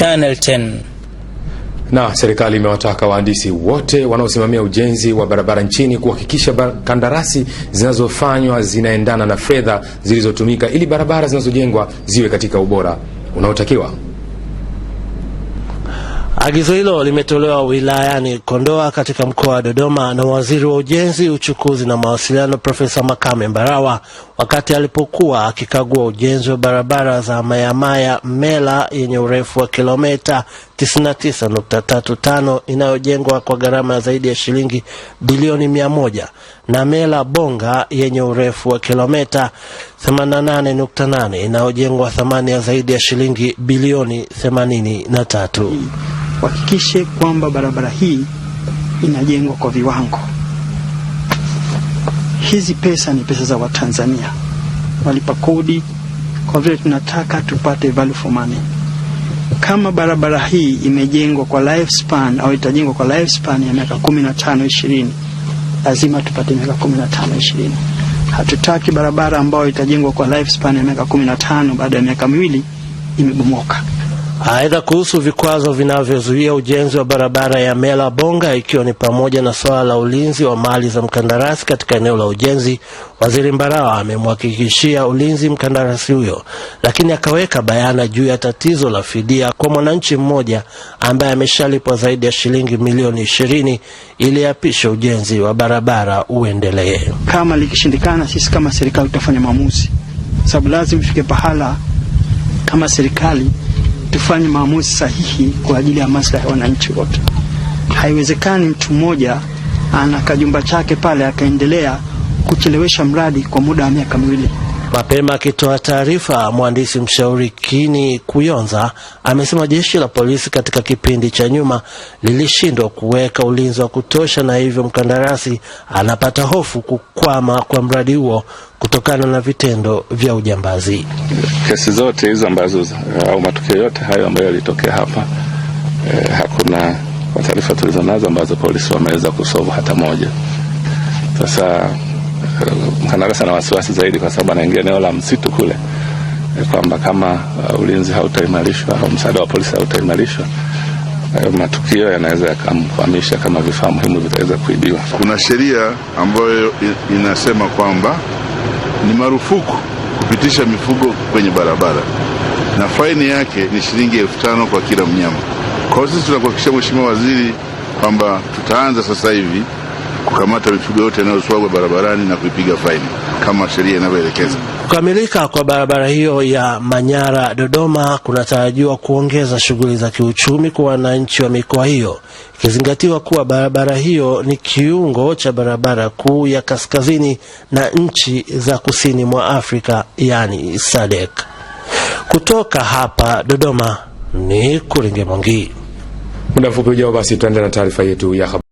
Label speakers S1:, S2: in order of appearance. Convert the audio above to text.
S1: Channel 10.
S2: Na serikali imewataka wahandisi wote wanaosimamia ujenzi wa barabara nchini kuhakikisha kandarasi zinazofanywa zinaendana na fedha zilizotumika ili barabara zinazojengwa ziwe katika ubora unaotakiwa.
S1: Agizo hilo limetolewa wilayani Kondoa katika mkoa wa Dodoma na waziri wa ujenzi, uchukuzi na mawasiliano Profesa Makame Mbarawa wakati alipokuwa akikagua ujenzi wa barabara za Mayamaya mela yenye urefu wa kilomita 99.35 inayojengwa kwa gharama zaidi ya shilingi bilioni 100 na Mela Bonga yenye urefu wa kilomita 88.8 inayojengwa thamani ya zaidi ya shilingi bilioni 83
S3: wahakikishe kwamba barabara hii inajengwa kwa viwango. Hizi pesa ni pesa za Watanzania walipa kodi, kwa vile tunataka tupate value for money. Kama barabara hii imejengwa kwa lifespan au itajengwa kwa lifespan ya miaka 15 20, lazima tupate miaka 15 20. Hatutaki barabara ambayo itajengwa kwa lifespan ya miaka 15 baada ya miaka miwili imebomoka.
S1: Aidha, kuhusu vikwazo vinavyozuia ujenzi wa barabara ya Mela Bonga, ikiwa ni pamoja na swala la ulinzi wa mali za mkandarasi katika eneo la ujenzi, Waziri Mbarawa amemhakikishia ulinzi mkandarasi huyo, lakini akaweka bayana juu ya tatizo la fidia kwa mwananchi mmoja ambaye ameshalipwa zaidi ya shilingi milioni ishirini ili apishe ujenzi wa barabara uendelee.
S3: Kama likishindikana, sisi kama serikali tutafanya maamuzi, sababu lazima ifike pahala kama serikali tufanye maamuzi sahihi kwa ajili ya maslahi ya wananchi wote. Haiwezekani mtu mmoja ana kajumba chake pale akaendelea kuchelewesha mradi kwa muda wa miaka miwili.
S1: Mapema akitoa taarifa, mhandisi mshauri Kini Kuyonza amesema jeshi la polisi katika kipindi cha nyuma lilishindwa kuweka ulinzi wa kutosha, na hivyo mkandarasi anapata hofu kukwama kwa mradi huo kutokana na vitendo vya ujambazi.
S4: Kesi zote hizo ambazo eh, au matukio yote hayo ambayo yalitokea hapa eh, hakuna kwa taarifa tulizonazo ambazo polisi wameweza kusolve hata moja. Sasa Mkandarasi ana wasiwasi zaidi, kwa sababu anaingia eneo la msitu kule, eh, kwamba kama uh, ulinzi hautaimarishwa au msaada wa polisi hautaimarishwa eh, matukio yanaweza yakamkwamisha kama vifaa muhimu vitaweza kuibiwa.
S5: Kuna sheria ambayo inasema kwamba ni marufuku kupitisha mifugo kwenye barabara na faini yake ni shilingi elfu tano kwa kila mnyama. Kwa hiyo sisi tunakuhakikishia Mheshimiwa Waziri kwamba tutaanza sasa hivi kukamata mifugo yote yanayoswagwa barabarani na kuipiga faini kama sheria inavyoelekeza.
S1: Kukamilika kwa barabara hiyo ya Manyara Dodoma kunatarajiwa kuongeza shughuli za kiuchumi kwa wananchi wa mikoa hiyo, ikizingatiwa kuwa barabara hiyo ni kiungo cha barabara kuu ya kaskazini na nchi za kusini mwa Afrika, yani SADC. Kutoka hapa Dodoma ni Kuringe Mongi. Muda mfupi ujao, basi tuende na taarifa yetu ya